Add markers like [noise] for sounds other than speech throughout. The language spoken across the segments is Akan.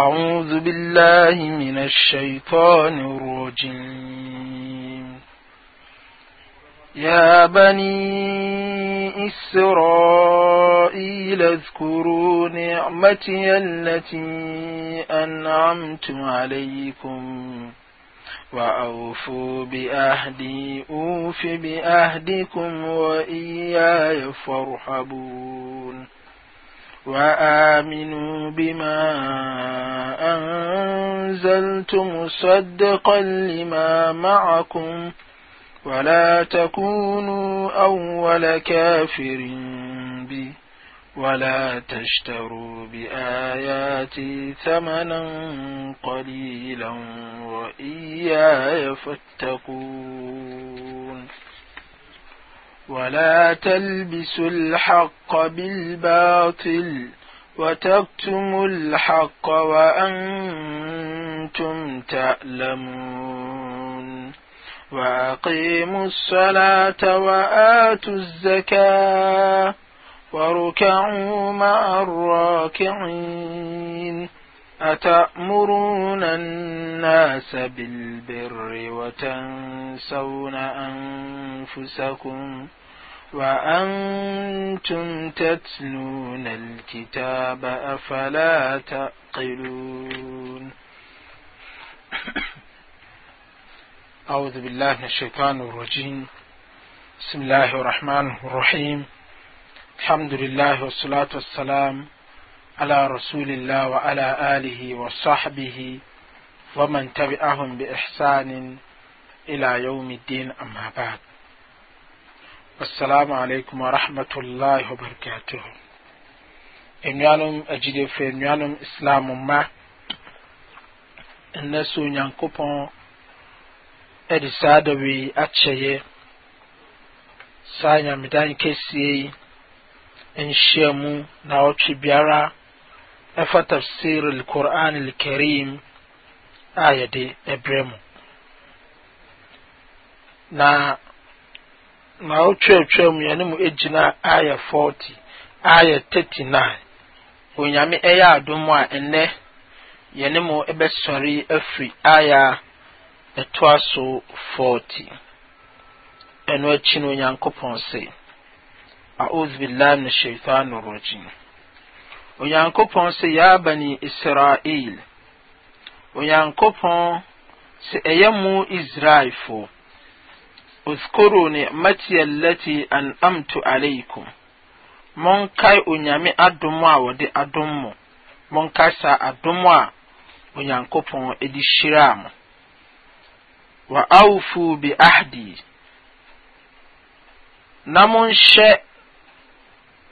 أعوذ بالله من الشيطان الرجيم يا بني إسرائيل اذكروا نعمتي التي أنعمت عليكم وأوفوا بأهدي أوف بأهدكم وإياي فارحبون وآمنوا بما أنزلت مصدقا لما معكم ولا تكونوا أول كافر بي ولا تشتروا بآياتي ثمنا قليلا وإياي فاتقون ولا تلبسوا الحق بالباطل وتكتموا الحق وأنتم تعلمون وأقيموا الصلاة وآتوا الزكاة واركعوا مع الراكعين أتأمرون الناس بالبر وتنسون أنفسكم ؟ وأنتم تتلون الكتاب أفلا تعقلون [coughs] أعوذ بالله من الشيطان الرجيم بسم الله الرحمن الرحيم الحمد لله والصلاة والسلام على رسول الله وعلى آله وصحبه ومن تبعهم بإحسان إلى يوم الدين أما بعد assalamu alaikum wa rahmatullahi wa barakatuh enuanom agyidefo enuanom islam mma ɛnna so onyankopɔn ɛde saa da wei akyɛyɛ saa nyamedan kɛseɛ yi nhyia mu na ɔtwe biara ɛfa tafsir alquran alkarim a yɛde ɛbrɛ mu na na ɔtwerɛtwerɛ mu yɛne mu gyina ayɛ 40 ayɛ 39 onyame ɛyɛ adom a ɛnnɛ yɛne mu ɛbɛsɔre afiri ayɛ a ɛtoa so 40 ɛno akyi no onyankopɔn se أعوذ بالله من الشيطان الرجيم onyankopɔn sɛ ya bani israel onyankopɔn sɛ ɛyɛ mu israelfoɔ uskuru ni'mati allati an'amtu alaykum monkae onyame adom a wɔde adom mo monkae saa adom a onyankopɔn edi hyiraa wa awfu bi ahdi na monhyɛ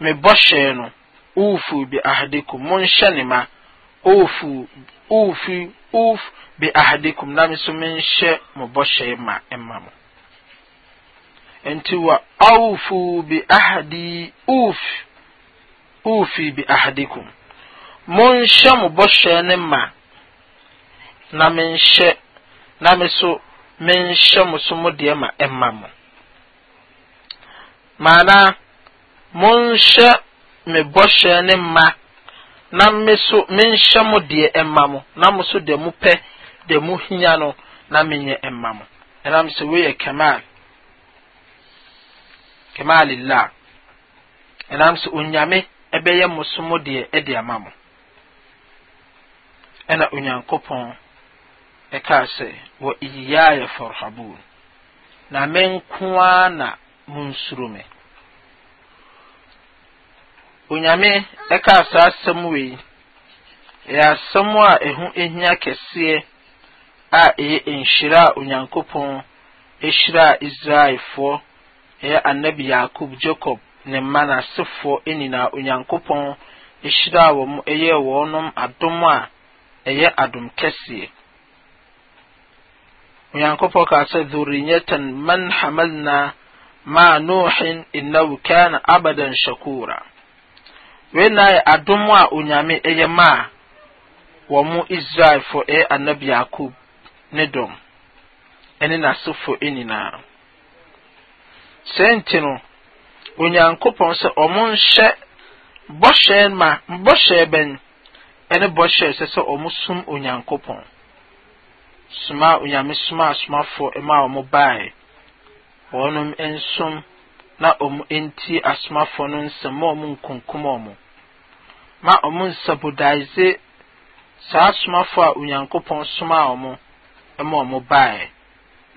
me bɔhyɛ no ufu bi ahdikum monhyɛ ne ma ufu ufi uf bi ahdikum na me so menhyɛ mo bɔhyɛ ma ɛma mo nti wa awfu bi ahadi uf ufi bi ahadikum monhyɛ mo bɔhyɛ ne ma na menhyɛ na me so menhyɛ mo so mo deɛ ma ɛma mo maana monhyɛ me bɔhyɛ ne ma na me so menhyɛ mo deɛ ɛma mo na mo so deɛ mo pɛ deɛ mo hia no na menyɛ ɛma mo ɛnam sɛ wei yɛ kemalillah ɛnam so onyame ɛbɛyɛ mo deɛ ɛde ama mo ɛna onyankopɔn ɛkaa sɛ wɔ iyaayɛ farhabun na me nkoa na monsuro me onyame ɛkaa saa asɛm wei ɛyɛ asɛm a ɛho e ehia kɛseɛ a ɛyɛ nhyira a onyankopɔn ehyiraa israelfoɔ ɛyɛ annabi yakob jacob ne mma n'asefoɔ nyinaa onyankopɔn wɔ wɔn ɛyɛ wɔnom adom a ɛyɛ adom kɛseɛ onyankopɔn kaa sɛ dhuriyatan man hamalna ma nuhin innahu kana abadan shakura wei na yɛ adom a onyame ɛyɛ ma wɔn mo israelfoɔ ɛyɛ annabi yakob ne dɔm ɛne n'asefoɔ nyinaa saa nti no onyankopɔn sɛ ɔmo nhyɛ bɔhyɛ ma bɔhyɛ bɛn ɛne bɔhyɛ sɛ sɛ ɔmo som onyankopɔn soma onyame soma asomafoɔ ɛma ɔmo baeɛ wɔnom nsom na ɔmo nti asomafoɔ no nsɛm ma ɔmo nkunkum ɔmo ma ɔmo nsabodaize saa asomafoɔ a onyankopɔn soma a ɔmo ɛma ɔmo baeɛ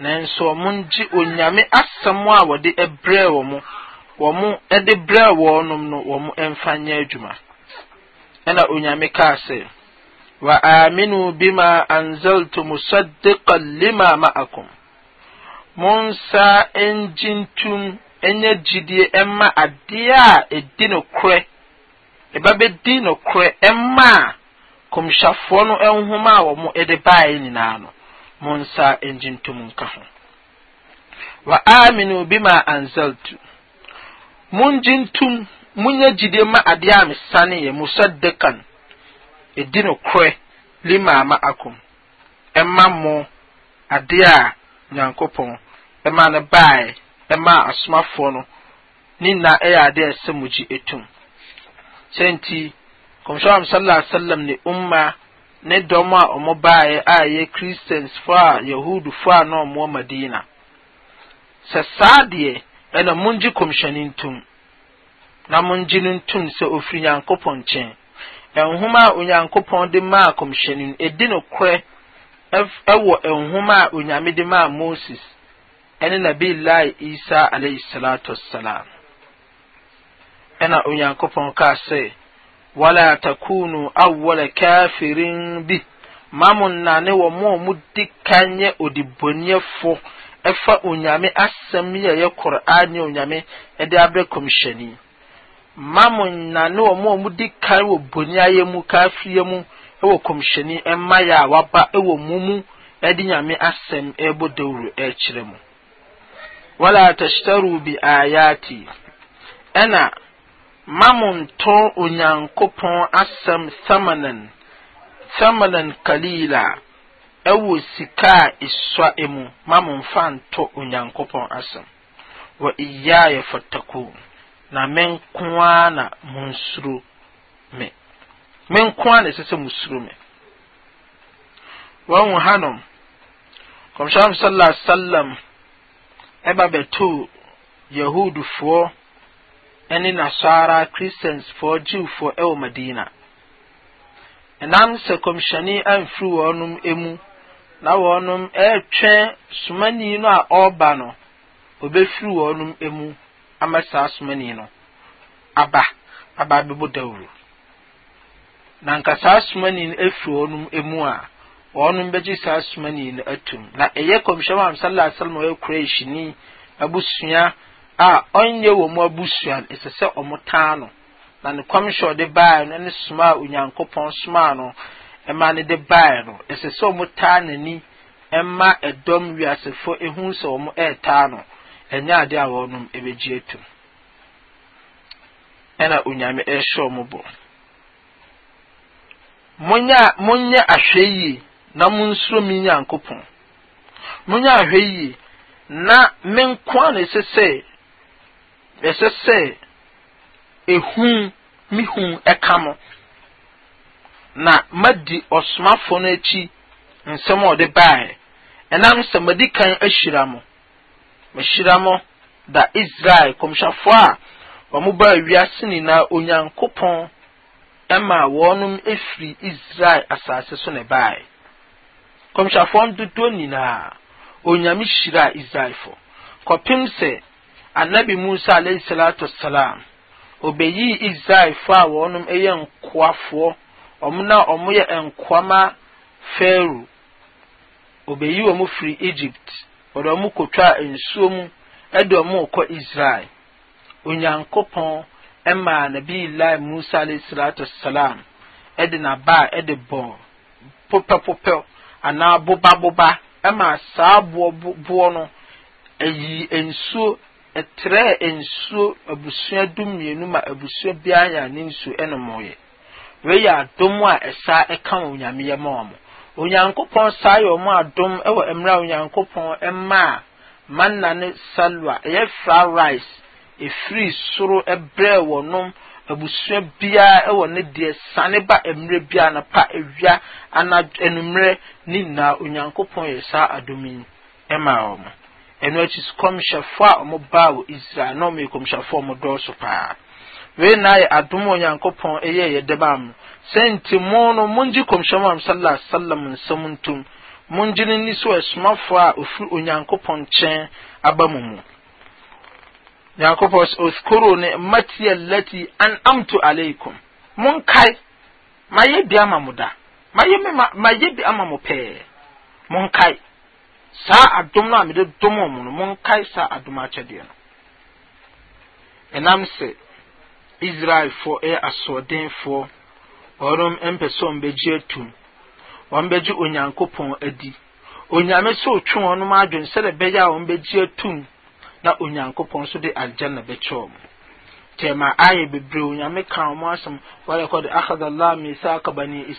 nanso wɔn gye onyame asɛm a wɔde brɛ wɔn wɔn de brɛ wɔn no wɔn mfa nyɛ adwuma ɛna onyame kaa sɛ wa aminu bima anzaltu musaddiqan lima ma'akum mun sa engin tum enye gyidie ɛma adeɛ a ɛdi no korɛ ɛba bɛdi no korɛ ɛma a kɔmhyɛfoɔ no nhoma a wɔn de baeɛ nyinaa no mo nsa ngye nka ho wa aminu bima anzaltu mungye ntum munya gyidie ma adeɛ a mesane yɛ musaddakan ɛdi no korɛ lima ma akom ɛma mo adeɛ a nyankopɔn ɛma no baeɛ ɛma asomafoɔ no ne na ɛyɛ adeɛ ɛsɛ mo gye ɛtum sɛ nti kɔmhyɛ am sallallahu alaihi wasallam ne umma ne dɔm a ɔmo baeɛ a ɛyɛ kristians fo a yahudu fo a na ɔmo madina sɛ saa deɛ ɛna mongye kɔmhyɛne ntom na mongye no ntom sɛ ofiri nyankopɔn nkyɛn nhoma a onyankopɔn de maa kɔmhyɛne no ɛdi no korɛ ɛwɔ nhoma a onyame de maa moses ɛne nabiillahi isa alayhi salatu wassalam ɛna onyankopɔn kaa sɛ wala takunu awwala kafirin bi mamu nnane wɔ mo a mo di kan yɛ odibɔnyɛfo ɛfa onyame asɛm yɛ yɛ kor'an yɛ onyame ɛde abrɛ kɔmhyɛni mamu nnane wɔ mo a mo di kan wɔ bɔnni ayɛ mu kafiɛ mu ɛwɔ kɔmhyɛni ɛma yɛ a waba ɛwɔ mo mu ɛde nyame asɛm ɛbɔ dawuro ɛkyerɛ mu wala tashtaru bi ayati ɛna mamonto onyankopɔn asɛm samanan samanan kalila ɛwɔ sika a esua emu mamonfa nto onyankopɔn asɛm wɔ iyaayɛ fɔtako na menkoa na monsuro me menkoa na ɛsɛ sɛ musuro me wɔn hanom kɔmhyɛn sallallahu alaihi wa sallam ɛba bɛtoo yahudufoɔ ne nasara christiansfoɔ jewfoɔ ɛwɔ madina ɛnam sɛ kɔmhyɛne amfiri wɔnom mu na wɔnom ɛretwɛn somani no a ɔreba no obɛfiri wɔnom mu ama saa somani no aba aba abɛbɔ dawuro na nka saa somani no afiri wɔnom mu a wɔnom bɛgye saa somani no atum na ɛyɛ kɔmhyɛn a sallallahu alaihi wa sallam ɔyɛ kura ehyini abusua a ɔnyɛ wɔn abusua no ɛsɛ sɛ wɔn taa no na ne kɔmhyɛ ɔde baeɛ no ne soma a onyankopɔn soma no ɛma ne de baeɛ no ɛsɛ sɛ wɔn taa n'ani ɛma ɛdɔm wiasefo ehu sɛ wɔn ɛɛtaa no ɛnyɛ ade a wɔnom ɛbɛgye atum ɛna onyame ɛɛhyɛ wɔn bɔ monyɛ monyɛ ahwɛ yie na nsoro mi nyankopɔn monyɛ ahwɛ yie na me nko na ɛsɛ sɛ ɛsɛ sɛ ehu mihu ɛka mo na madi ɔsomafo no akyi nsɛm a ɔde baeɛ ɛnam sɛ madi kan ahyira mo mahyira mo da israel kɔmhyɛfoɔ a wɔn baa wiase nyinaa onyankopɔn ɛma wɔnom efiri israel asaase so na baeɛ kɔmhyɛfoɔ dodoɔ nyinaa onyame hyira israelfoɔ kɔpem sɛ annabi musa alayhi salatu wassalam obeyi israelfo a wɔnom yɛ nkoafoɔ ɔmo na ɔmo yɛ nkoama pharaoh obeyi wɔn firi egypt wɔde ɔmo kotwa nsuo mu ɛde ɔmo kɔ israel onyankopɔn ɛmaa nabi ilai musa alayhi salatu wassalam ɛde n'aba a ɛde bɔ popɛpopɛ anaa bobaboba ɛmaa saa boɔ boɔ no ɛyi nsuo ɛtrɛɛ nsuo abusua du mmienu ma abusua biara yɛ a ne nsuo ɛnomɔɔyɛ wei yɛ adom a ɛsaa ɛka wɔn nyame yɛ ma wɔn onyankopɔn saa yɛ wɔn adom ɛwɔ mmerɛ a onyankopɔn ɛmaa manna ne salwa ɛyɛ fra rice efiri soro ɛbrɛɛ wɔnom abusua biara ɛwɔ ne deɛ sane ba mmerɛ biara na pa ewia ana enummerɛ ne nyinaa onyankopɔn yɛ saa adom yi ɛmaa wɔn. ɛno akyi kɔmhyɛfoɔ a ɔmo baa wɔ israel na ɔmo yɛ kɔmhyɛfoɔ a ɔmo dɔɔso paa wei na yɛ adom wɔ nyankopɔn ɛyɛ yɛ dɛm am sɛnti mo no mongye kɔmhyɛm am sallah sallam nsɛm ntom mongye no ni so ɛsomafoɔ a ofiri onyankopɔn nkyɛn aba mu mu nyankopɔn sɛ oskoro ne matiya lati an amtu aleikum monkae mayɛ bi ama mo da mayɛ bi ama mo pɛɛ monkae saa adom no a mede dom ɔmo no monkae saa adom akyɛdeɛ no ɛnam sɛ israelfoɔ ɛyɛ e asoɔdenfoɔ ɔnom mpɛ sɛ ɔm bɛgye atum ɔm bɛgye onyankopɔn adi onyame sɛ ɔtwe ɔnom adwen sɛdeɛ ɛbɛyɛ a ɔm atum na onyankopɔn nso de agya na bɛkyɛ ɔmo tema ayɛ bebree nyame ka ɔmo asɛm wɔrekɔde akhadha allah misaka bani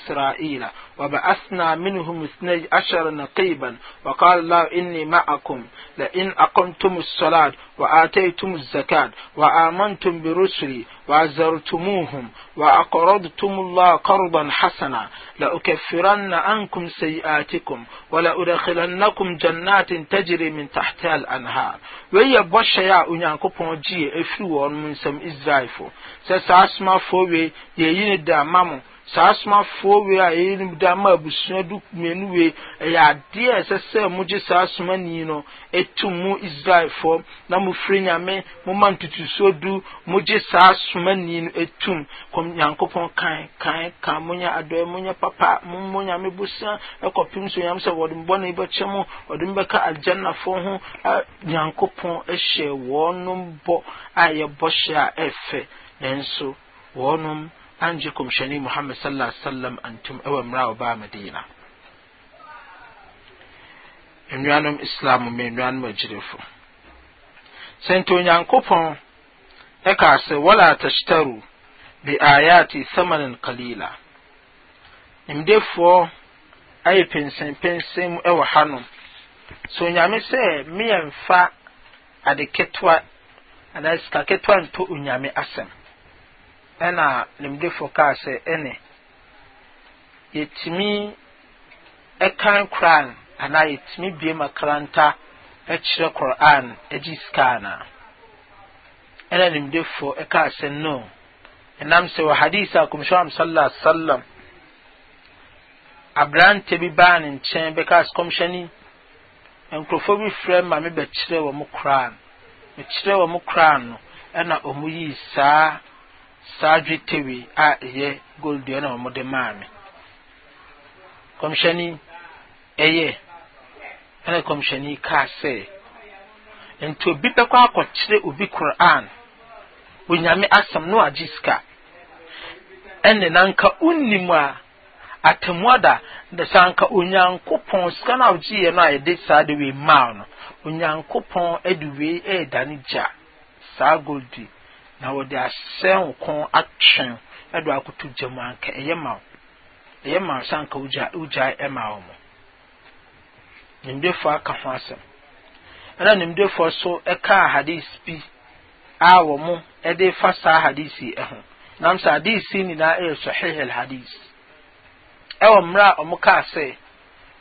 وبعثنا منهم اثني عشر نقيبا وقال الله إني معكم لئن أقمتم الصلاة وآتيتم الزكاة وآمنتم برسلي وعزرتموهم وأقرضتم الله قرضا حسنا لأكفرن عنكم سيئاتكم ولأدخلنكم جنات تجري من تحتها الأنهار ويا بشا يا أنيانكو بونجي إفلو من سم israelfoɔ sɛ saa asomafoɔ wei deɛ ɛyi ne da ma mo saa asomafoɔ wei a ɛyɛ nim da ma abusua du mmienu wei ɛyɛ adeɛ a ɛsɛ sɛ mogye saa asoma nii no ɛtum mu israelfoɔ na mofiri nyame moma ntutusuo du mogye saa asoma nii no ɛtum kɔm nyankopɔn kan kan kan monya adɔɛ monya papa mommɔ nyame bosia ɛkɔpem so nyame sɛ wɔde mbɔne bɛkyɛ mo wɔde m bɛka agyannafoɔ ho nyankopɔn ɛhyɛ wɔnom bɔ a yɛbɔ hyɛ a ɛfɛ nanso wɔnom an je kumshani muhammad sallallahu alaihi wasallam antum ɛwɔ mmerɛ a ɔbaa madina nnuanom islam me nnuanom agyirefo sɛ nti onyankopɔn ɛkaa sɛ wala tashtaru bi ayati thamanan kalila nimdefoɔ ayɛ pensenpensen mu ɛwɔ hanom sɛ onyame sɛ meyɛ mfa ade ketewa anaa sika ketewa ntɔ onyame asɛm ɛna nimdefo kaa sɛ ɛne yɛtumi ɛkan koran anaa yɛtumi bie makaranta ɛkyerɛ koran agye sika anaa ɛna nimdefo ɛkaa sɛ no ɛnam sɛ wɔ hadis a kɔmhyɛwam sallallahu alaihi wasallam aberante bi baa ne nkyɛn bɛkaa sɛ kɔmhyɛni nkurɔfoɔ bi frɛ ma mebɛkyerɛ wɔ mo koran mekyerɛ wɔ mo koran no ɛna ɔmo yii saa saa dwetɛwe a ɛyɛ gold ɛna wɔn de maa me kɔmhyɛni ɛyɛ ɛna kɔmhyɛni kaa sɛ nti obi bɛkɔ akɔkyerɛ obi koran onyame asɛm no agye sika ɛne nanka unnim a atemmuada da sɛ anka onyankopɔn sika no a wogyeeɛ no a yɛde saa de wei maa no onyankopɔn de wei ɛredane gya saa goldi na wɔde asɛn wo kɔn atwɛn ɛdo akoto gya mu anka ɛyɛ ma wo ɛyɛ ma wo sanka wogya wogya ɛma wo nimdefoɔ aka ho asɛm ɛna nimdefoɔ so ɛkaa hadis bi a wɔ mo ɛde fa saa hadis yi ɛho nam saa hadis yi nyinaa ɛyɛ sahihil hadis ɛwɔ mmerɛ a ɔmo kaa sɛ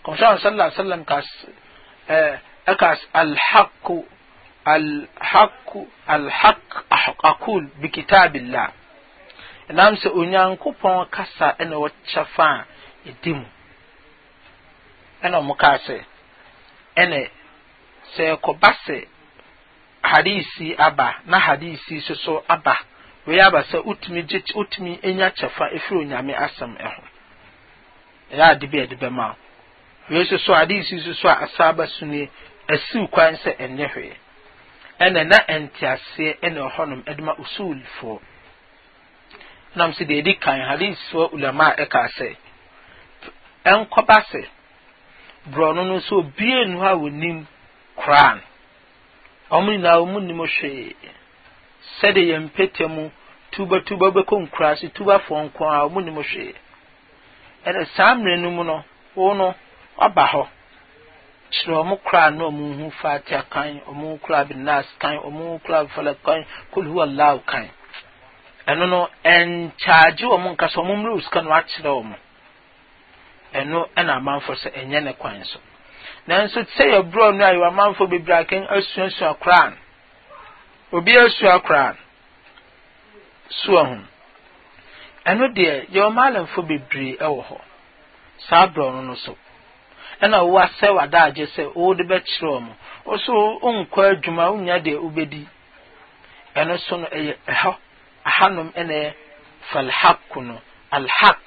kɔmhyɛn sallallahu alaihi wasallam kaa ɛɛ alhaq alhaq aqul bikitabillah ɛnam sɛ onyankopɔn kasa ɛna wɔkyɛ fa a ɛdi mu ɛna ɔmo kaa sɛ hadisi aba na hadisi soso aba wei aba sɛ wotumi enya efiri onyame asam ɛho ɛyɛ ade bi a ɛna na nteaseɛ ɛna hɔnom ɛdema usulfoɔ nam sɛ deɛ di kan hadisfoɔ ulama a ɛka sɛ ɛnkɔba sɛ borɔno no nso obie nu a wɔnim koran ɔmo nyinaa ɔmo nim hwee sɛde yɛn mpete mu tuba tuba bɛkɔ nkura so tuba foɔ nko a ɔmo nim hwee ɛna saa mmerɛ no mu no wɔn no ɔba hɔ kyerɛ ɔmo kora na ɔmo ho fatia kan ɔmo kora binas kan ɔmo kora falak kan kulhu allah kan ɛno no ɛnkyagye ɔmo nkasa ɔmo mmerɛ osika no akyerɛ ɔmo ɛno ɛna amanfo sɛ ɛnyɛ ne kwan so nanso sɛ yɛ borɔ no a yɛwɔ amanfo bebree akɛn asuasua koraa obi asua koraa sua ho ɛno deɛ yɛwɔ maalamfo bebree ɛwɔ hɔ saa borɔ no no so ɛna ɔwɔ asɛ w'adagye sɛ ɔwɔde bɛkyerɛ ɔmo ɔso ɔnkɔ adwuma ɔnya deɛ ɔbɛdi ɛno so no ɛyɛ ɛhɔ ahanum ɛna ɛyɛ falhaq no alhak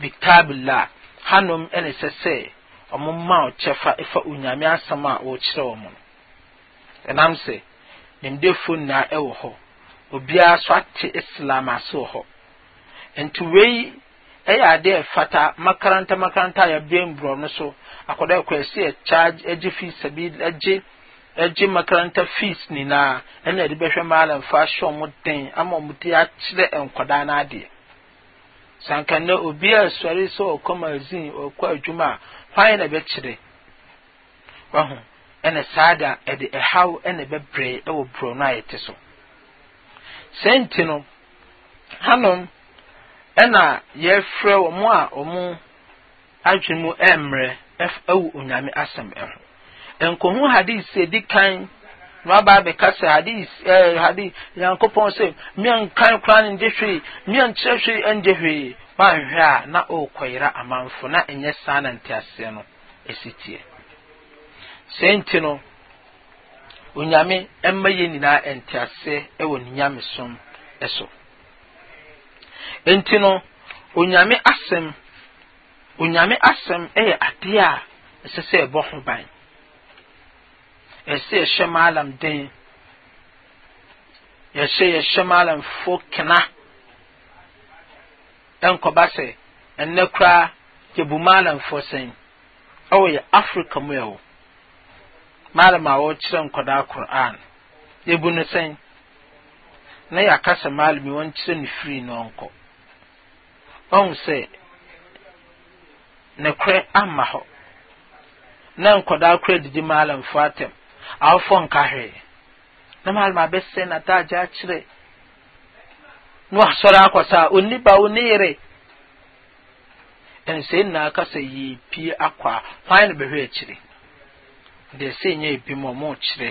bitaabila hanom ɛna sɛ sɛ ɔmo ma ɔkyɛfa ɛfa onyame asɛm a ɔkyerɛ ɔmo no ɛnam sɛ nimdefo nyinaa ɛwɔ hɔ obiara so ate islam ase wɔ hɔ nti yi. ɛyɛ adeɛ ɛfata makaranta makaranta a yɛbɛn borɔ no so akɔda ɛkɔɛsi ɛkyaagye agye fees ɛbi agye agye makaranta fees nyinaa ɛna yɛde bɛhwɛ maalam fa ahyɛ ɔmo den ama ɔmo de akyerɛ nkɔdaa n'adeɛ sankanna obi a sɔre sɛ ɔkɔ magazine ɔkɔ adwuma a hwan na ɛbɛkyerɛ wahu ɛna saa da ɛde ɛhaw ɛna ɛbɛbrɛ ɛwɔ borɔ no a yɛte so sɛnti no hanom ɛna yɛfrɛ wɔn a wɔn adwene mu ɛmmerɛ ɛwɔ onyame asɛm ɛho nkohu hadis edi kan waba abɛkasa hadis ɛɛ hadis yankopɔn sɛ mmea nkan kora ne nde hwee mmea nkyerɛ hwee ndi hwee wanhwɛ a na ɔrekɔyera amanfo na ɛnyɛ saa na nteaseɛ no esi tie saa no onyame ɛmma yɛn nyinaa nteaseɛ ɛwɔ ne nyamesom ɛso. nti no onyame asɛm onyame asɛm yɛ adeɛ a ɛsɛ sɛ ɛbɔ ho ban ɛsɛ yɛhyɛ maalam den yɛhyɛ yɛhyɛ maalamfo kena ɛnkɔba sɛ ɛnnɛ koraa yɛbu maalamfoɔ sɛn ɛwɔ yɛ afrika mu ɛwɔ maalam a wɔrekyerɛ nkɔdaa koran yɛbu no sɛn na yɛ akasa maalimi wɔn kyerɛ ne firi na ɔnkɔ ɔn sɛ ne korɛ ama hɔ na nkɔdaa korɛ didi maalimfo atɛm awofo nka hwee na maalim abɛsɛ n'ataagye akyerɛ na wasɔre akɔsa a onni ba onni yere nsɛn na akasa yie pie akɔ a hwan na bɛhwɛ akyire deɛ sɛ nyɛ ebi mu ɔmo kyerɛ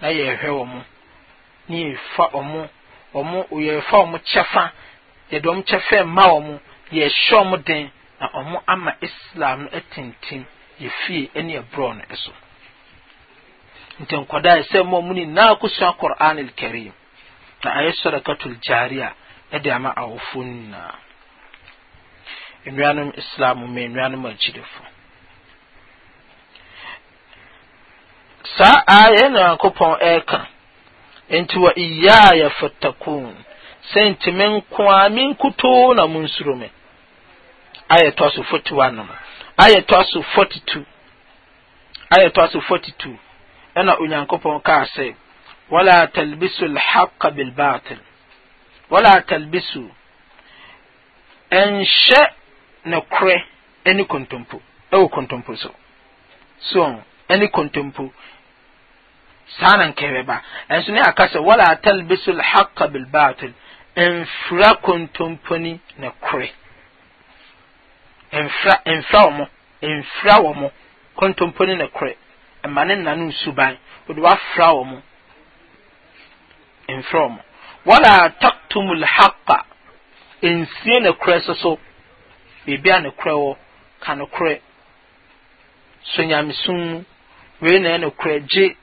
na yɛhwɛ wɔn mo. ne fa ɔmo ɔmo yɛfa ɔmo kyɛfa yɛde ɔmo kyɛfa mma ɔmo yɛhyɛ ɔmo den na ɔmo ama islam no ɛtintim yɛfie ɛne ɛborɔ no ɛso nti nkɔdaa sɛ mo ɔmo nyinaa kosua qur'an kari na ayɛ sadakatul jariya ɛde ama awofo nyinaa nnuanom islam ma nnuanom agyidefo saa ayɛ na nyankopɔn ɛreka nti wa iyaaya fattakun sɛ nti me nko a me nkutoo na monsuro me ayɛ tɔ so 41 no ayɛ tɔ so 42 ayɛ tɔ so 42 ɛna onyankopɔn kaa sɛ wala talbisu alhaqa bilbatil wala talbisu ɛnhyɛ nokorɛ ne kontompo ɛwɔ kontompo so so ɛne kontompo saa na nkɛ bɛba ɛnso ne aka sɛ wala talbisu alhaqa bilbatil mfira kontomponi na kore mfira mfira wɔn mfira wɔn kontomponi na kore ɛma ne nna no suban wɔde wafira wɔn mfira wɔn wala taktumu alhaqa nsie na kore soso beebi a na kore wɔ ka na kore so wei na ɛna kore gye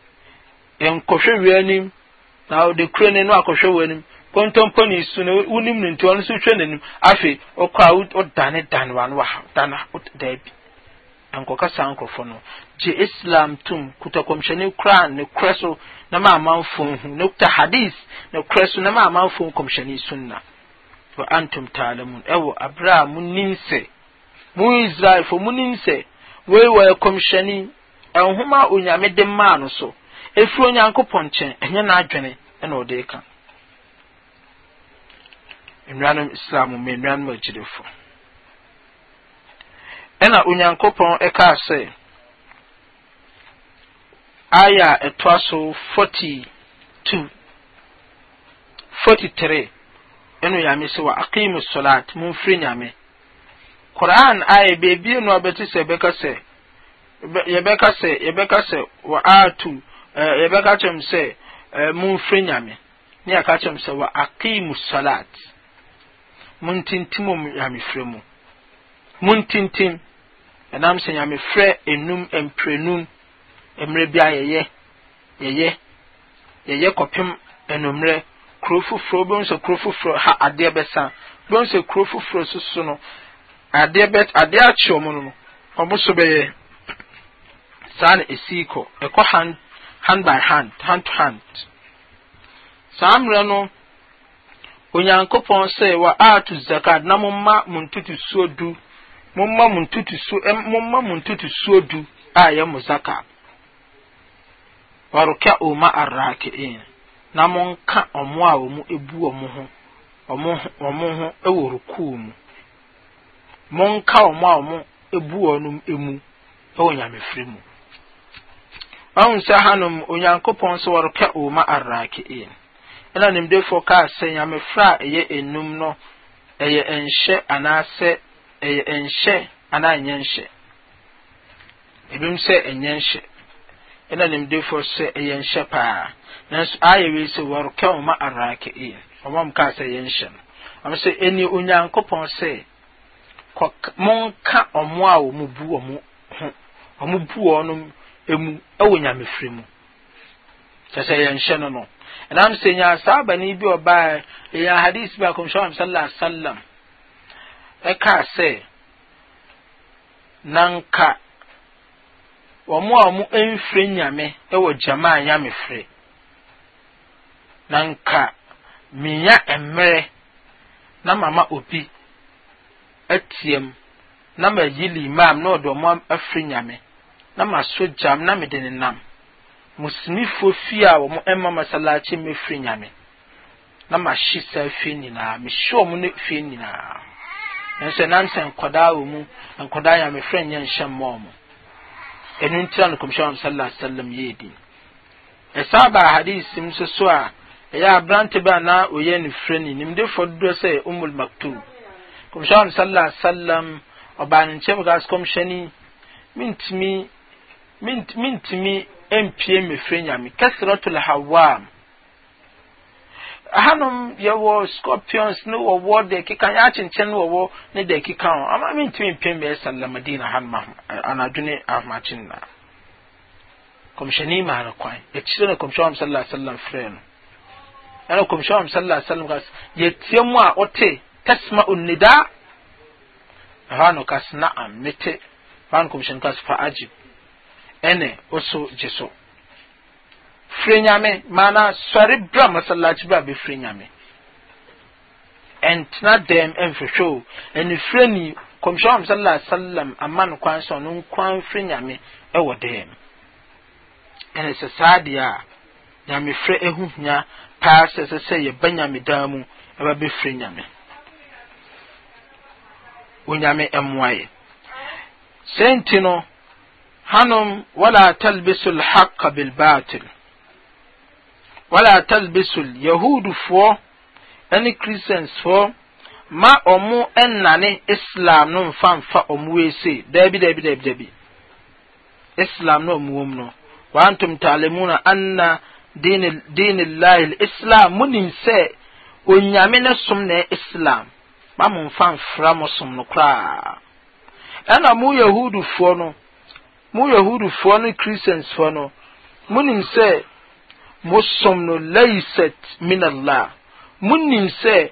nkɔhwɛ wia anim na ɔde kure ne no akɔhwɛ wia anim kɔntɔnpɔ ne su na wonim ne nti ɔno nso hwɛ n'anim afei ɔkɔ a ɔdane dane wa no wa ha dane daabi nkɔka saa nkurɔfoɔ no gye islam tum kuta kɔmhyɛne kora ne korɛ so na ma amanfo hu na kuta hadis ne korɛ so na ma amanfo hu kɔmhyɛne sunna wa antum taalamun ɛwɔ abere a munim sɛ mu israelfo munim sɛ wei wɔyɛ kɔmhyɛne ɛnhoma onyame de maa no so efiri onyankopɔn nkyɛn ɛnyɛ n'adwene ɛna ɔde eka nnuanom islam mmɛ nnuanom agyirefo ɛna onyankopɔn ɛkaa sɛ aya a ɛtoa so forty two forty three ɛna onyame sɛ wɔ akim solat mumfiri nyame koran aya beebi no a bɛte sɛ ɛbɛka sɛ yɛbɛka sɛ yɛbɛka sɛ wɔ aatu yɛbɛka kyerɛm sɛ momfrɛ nyame ne yɛka kyerɛm sɛ wɔ akimu salat montintim wɔ nyamefrɛ mu montintim ɛnam sɛ nyamefrɛ enum mprɛnum mmerɛ bi a yɛyɛ yɛyɛ yɛyɛ kɔpem enummerɛ kuro foforɔ bɛn sɛ kuro foforɔ ha adeɛ bɛsa bɛn sɛ kuro foforɔ soso no adeɛ bɛ adeɛ akyeɛ ɔmo no ɔmo so bɛyɛ saa na esi kɔ ɛkɔ han hand by hand hand to hand saa mmerɛ no onyankopɔn sɛ wa aatu zakat na momma mo ntotosuo du momma mo ntotosuo momma mo ntotosuo du a yɛ mo zakat waruka oma arrakiin na monka ɔmo a ɔmo ebu ɔmo ho ɔmo ɔmo ho ɛwɔ rukuu mu monka ɔmo a ɔmo ebu ɔmo emu ɛwɔ nyamefiri mu ɔn sɛ hanom onyankopɔn sɛ wɔrekɛ oma arakein ɛna nimdefoɔ kaa sɛ nyamefra a ɛyɛ enum no ɛyɛ nhyɛ anaasɛ ɛyɛ nhyɛ anaa nyɛ nhyɛ ebinom sɛ ɛnyɛ nhyɛ ɛna nimdefoɔ sɛ ɛyɛ nhyɛ paa nanso ayɛ wei sɛ wɔrekɛ oma arakein ɔmam kaa sɛ ɛyɛ nhyɛ no ɔmo sɛ ɛni onyankopɔn sɛ kɔ monka ɔmo a wɔn bu wɔn ho ɔmo bu wɔn emu ɛwɔ nyamefiri mu kyɛ sɛ yɛnhyɛ no no ɛnam sɛ nya saa abani bi ɔbaa ɛyɛ hadis bi akɔmhyɛ sallallahu alaihi wasallam ɛkaa sɛ nanka wɔn a wɔn mfiri nyame ɛwɔ gyamaa nyamefiri nanka minya mmerɛ na mama obi atiam na ma yi limam na ɔde wɔn afiri nyame na maso gyam na mede ne nam musumifoɔ fie a wɔn ɛma masalakye mefiri nyame na mahye saa fie nyinaa mehye wɔn ne fie nyinaa nso nam sɛ nkɔdaa wɔ mu nkɔdaa nyamefrɛ nyɛ nhyɛ mmaa mu ɛnu ntira no kɔmhyɛ wɔn sallallahu alaihi wasallam din ɛsan baa hadisi mu nso so a ɛyɛ aberante bi a na ɔyɛ ne frɛ ne nimdefoɔ dodoɔ sɛ umul maktum kɔmhyɛ wɔn sallallahu alaihi wasallam ɔbaa ne nkyɛn mu gas kɔmhyɛ ni mintumi mintumi mpie mefiri nyame kasratul hawam hanom yɛwɔ scorpions ne wɔwɔ da ɛkeka akyenkyɛn ne wɔwɔ ne da ɛkeka ho ama mentumi mpie mɛɛ salamadina hanom anadwo ne ahomakye nna kɔmhyɛne maa no kwan akyirɛ na kɔmhyɛ wam sala salam frɛ no ɛna kɔmhyɛ wam sala salam kas yɛtie mu a ɔte tasma unnida ɛhɔ ano kas naam mete ɛhɔ ano kɔmhyɛne kas fa agib ɛne ɔso gye so firi nyame maana sɔre bra masalakyi bra bɛfiri nyame ɛntena dɛm ɛnhwehwɛ o ɛne firi ni kɔmhyɛn sallallahu alaihi wasallam ama no kwan sɛ ɔno nkwan firi nyame ɛwɔ dɛm ɛne sɛ saa deɛ a nyame firi ehu hia paa sɛ sɛ sɛ yɛba nyame dan mu ɛba bɛfiri nyame onyame ɛmoa yɛ sɛnti no hanom wala talbisul haqqa bil batil wala talbisul yahudufoɔ ɛne christiansfoɔ ma ɔmo ɛnane islam no mfa mfa ɔmo ese daabi daabi daabi daabi islam no ɔmo wɔm no wantum taalemuna anna diin diinillahi islam munim sɛ onyame ne som na e islam ma mo mfa mfra mo som no koraa ɛna mo yahudufoɔ no mo yahudifoɔ ne christiansfoɔ no monim sɛ mosom no laisat min allah monim sɛ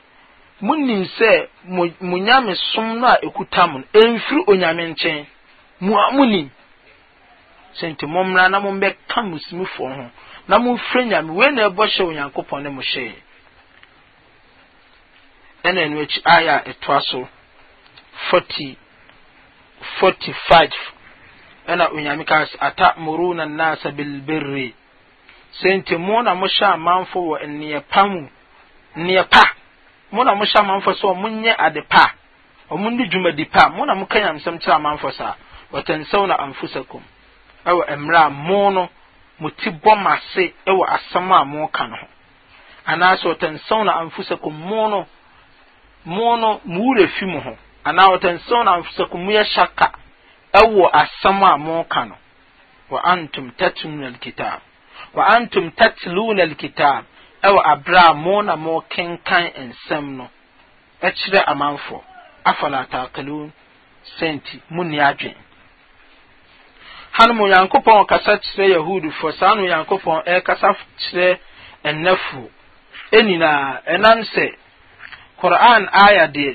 monim sɛ mo nyame som no a ekuta mo no ɛmfiri onyame nkyɛn mo a monim sɛ nti mommra na mombɛka musumifoɔ ho na momfrɛ nyame wei na ɛbɔhyɛ onyankopɔn ne mo hyɛe ɛna ɛno akyi aya a ɛtoa so 40 45 ɛna onyame kaa sɛ atamuruna nnasa bilbirri sɛ nti mo na mohyɛ amanfo wɔ nneɛ pa mu nneɛ mo na mohyɛ amanfo sɛ ɔmonyɛ ade pa ɔmo ne dwumadi pa mo na moka nyamsɛm kyerɛ amanfo saa wɔtɛnsɛwna anfusakum ɛwɔ mmerɛ a mo no mo ti bɔ ma se ɛwɔ asɛm a mo no ho anaasɛ wɔtɛnsɛwna anfusakum mo no mo no mo wura fi mu ho anaa wɔtɛnsɛwna anfusakum mo yɛ hyɛ ɛwɔ asɛm a mɔɔka no wa antum tatluna alkitab wa antum tatluna alkitab ɛwɔ abere a mo na mo kenkan nsɛm no ɛkyerɛ amanfo afala taakalun sɛnti mu ni adwen hanom onyankopɔn kasa kyerɛ yahudifo saa no onyankopɔn ɛkasa kyerɛ ɛnɛfo ɛnyinaa ɛnam sɛ koran aya deɛ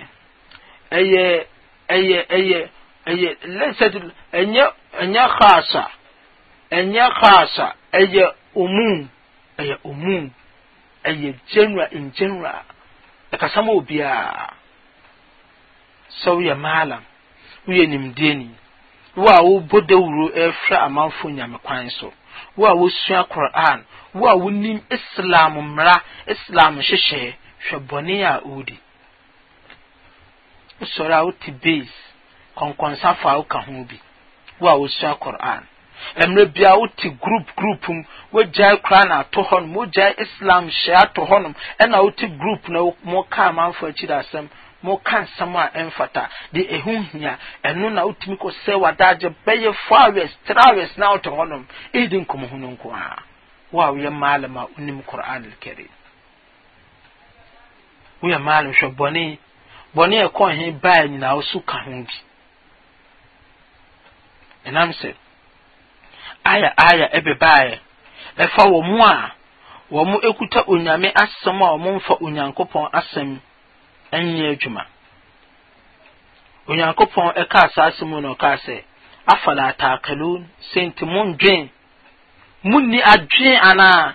ɛyɛ ɛyɛ ɛyɛ ɛyɛ laysat ɛnyɛ ɛnyɛ khasa ɛnyɛ khasa ɛyɛ umum ɛyɛ umum ɛyɛ general in general ɛkasa ma obiara sɛ woyɛ maalam woyɛ nimdeeni wo a wobɔ dawuro ɛrehwɛ amanfo nyame kwan so wo a wosua koran wo a wonim islam mmara islam hyehyɛ hwɛ bɔne a wodi wosɔre a wote base kɔnkɔnsafo a woka ho bi wo a wosua koran mmerɛ bia wote group group mu wogyae koran ato hɔnom wogyae islam hyɛ ato hɔnom ɛna wote group na moka amanfo akyiri asɛm moka nsɛm a ɛmfata de ɛho hia ɛno na wotumi kɔsɛ wadagye bɛyɛ four hours three hours na wotɔ hɔnom ɛdi nkɔmɔ ho no nko a wo a woyɛ maalam a wonim koran alkarim woyɛ maalam hwɛ bɔne bɔne ɛkɔɔ he baa nyinaa wo so ka ho bi ɛnam sɛ aya aya ɛbɛbaeɛ ɛfa wɔ mu a wɔn mo ekuta onyame asɛm a wɔn mfa onyankopɔn asɛm ɛnyɛ adwuma onyankopɔn ɛka asaase mu na ɔka sɛ afala ataakaloon senti mo ndwen mo ni adwen anaa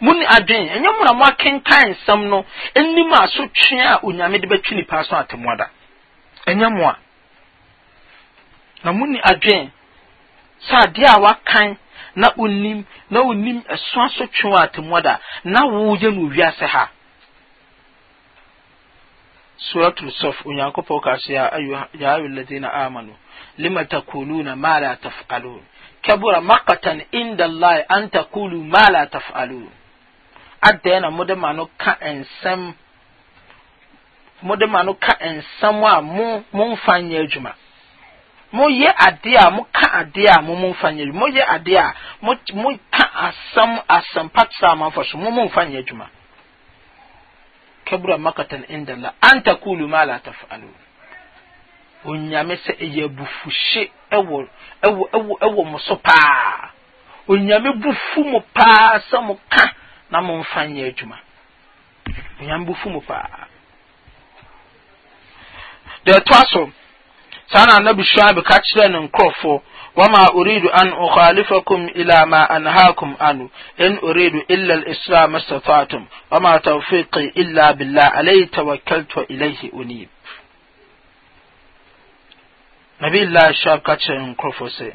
mo ni adwen ɛnyɛ mo na mo akenkan nsɛm no anim a a onyame de bɛtwe nipa so atemoada ɛnyɛ mo a na mu ni adwen sɛ adeɛ a wakan na onim na onim ɛso aso a wɔ atemmuada na woyɛ no wiase ha suratul saf onyankopɔn ka so ya ayu alladhina amanu lima takuluna ma la taf'alun kabura maqatan inda allahi an taqulu ma la taf'alun adɛn na mode ma no ka nsɛm mode ma no ka nsɛm a mo momfa nyɛ adwuma moyɛ adeɛ a moka adeɛ a momo mfa nyɛ adwuma moyɛ adeɛ a moka asɛm asɛmpa kyerɛ amanfa so momo mfa nyɛ adwuma kabura makatan inda la an takulu ma la taf'alu onyame sɛ ɛyɛ abufuhye ɛwɔ ɛwɔ ɛwɔ ɛwɔ mo so paa onyame bufu mo paa sɛ mo ka na mo mfa nyɛ adwuma onyame bufu mo paa deɛ ɛtoa so sana annabi shuaib ka kyerɛ ne nkurɔfo wama uridu an ukhalifakum ila ma anhaakum anu in uridu illa al-islam wama tawfiqi illa billah alayhi tawakkaltu wa ilayhi unib nabi allah shuaib ka kyerɛ ne nkurɔfo sɛ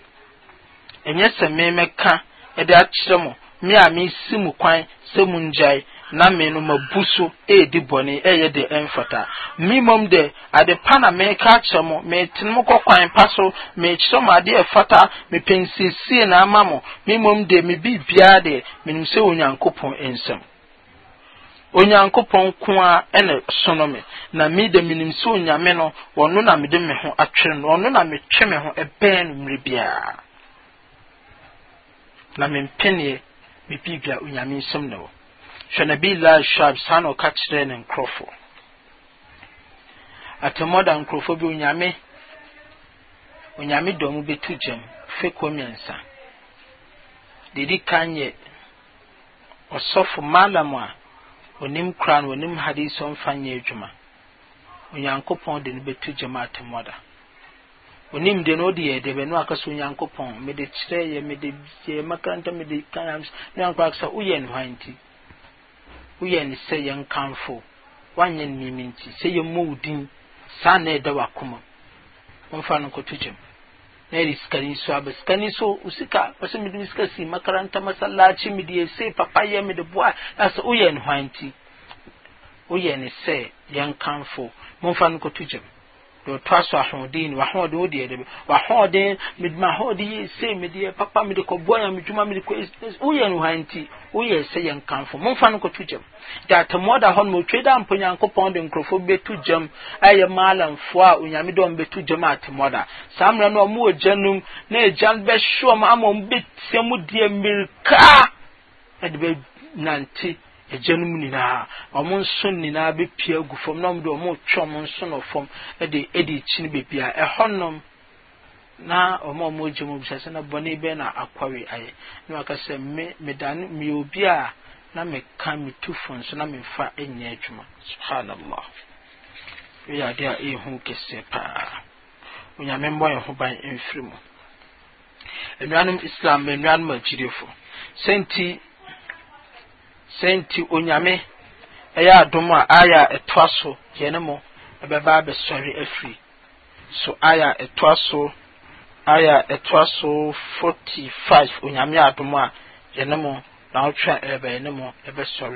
ɛnyɛ sɛ me mɛka ɛde akyerɛ mu me a mesi mu kwan sɛ mu ngyae na me no mabu so ɛɛdi bɔne ɛyɛ de mfata mmom de ade pa na meka kyerɛ mo metene mo kɔ kwan pa so mekyerɛ mo adeɛ ɛfata mepɛ nsiesie na ama mo mmom de me biribiara de menim sɛ onyankopɔn nsɛm onyankopɔn ko a ɛna sono me na me de menim sɛ onyame no ɔno na mede me ho atwere no ɔno na metwe me ho ɛbɛn no mmerɛ biara na mempeneɛ me biribia onyame nsɛm na wɔ hwɛ la bila shab san ɔka kyerɛ ne nkurɔfo atemmɔda nkurɔfo bi onyame onyame dɔm bɛtu gyam fekuo mmiɛnsa dedi kan yɛ ɔsɔfo malam a onim koran onim hadis ɔmfa nyɛ adwuma onyankopɔn de no bɛtu gyam atemmɔda onim de no ɔde yɛ de bɛno aka so onyankopɔn mede kyerɛ yɛ mede yɛ makaranta mede kan na nkɔ akasa woyɛ no hwan nti woyɛ ne sɛ yɛn kanfo wanyɛ ne mimi nti sɛ yɛn mo din saa na ɛda wɔ akoma wɔmfa no nkɔto gyam na yɛde sikani so aba sikani so osika wɔsɛ mede me sika sii makaranta masalaakye mede ɛsei papa yɛ mede boa na sɛ woyɛ ne hwan nti woyɛ ne sɛ yɛn kanfo momfa no nkɔto gyam deɛ ɔtɔ so ahoɔden ni wahoɔden o deɛ dɛbi wahoɔden mede ahoɔden yɛ se mede papa mede kɔ bɔ yɛn medwuma mede kɔ woyɛ no ha nti woyɛ sɛ yɛn kanfo momfa no kɔto gyam nti atamoɔ da hɔ nom otwe da mpo nyankopɔn de nkurɔfoɔ bɛto gyam ɛyɛ maalamfoɔ a onyame dɛ ɔmbɛto gyam atamoɔ da saa mmerɛ no ɔmo wɔ gya nom na agya no ɔm ama ɔm bɛtia mu deɛ mmirika ɛde bɛnante agya no mu nyinaa ɔmo nson nyinaa bepia agu fam na ɔmo de ɔmo retwe ɔmo nson fam de edi ekyi no beebi a ɛhɔnom na ɔmo a ɔmo mu bisa sɛ na bɔne bɛyɛ na akɔwe ayɛ na waka sɛ me medane meyɛ obi a na meka me fo nso na memfa nyɛ adwuma subhanallah ɛyɛ ade a ɛyɛ e hu kɛseɛ paa onyame mmɔ yɛn ho ban e mfiri mu nnuanom islam nnuanom agyirefo sɛ sɛnti onyame ɛyɛ adom a aya ɛtoa so yɛne mo ɛbɛba abɛsɔre afiri so aya ɛtoa so aya ɛtoa so 45 onyame adom a yɛne mo na wotwa ɛbɛyɛ ne mo ɛbɛsɔre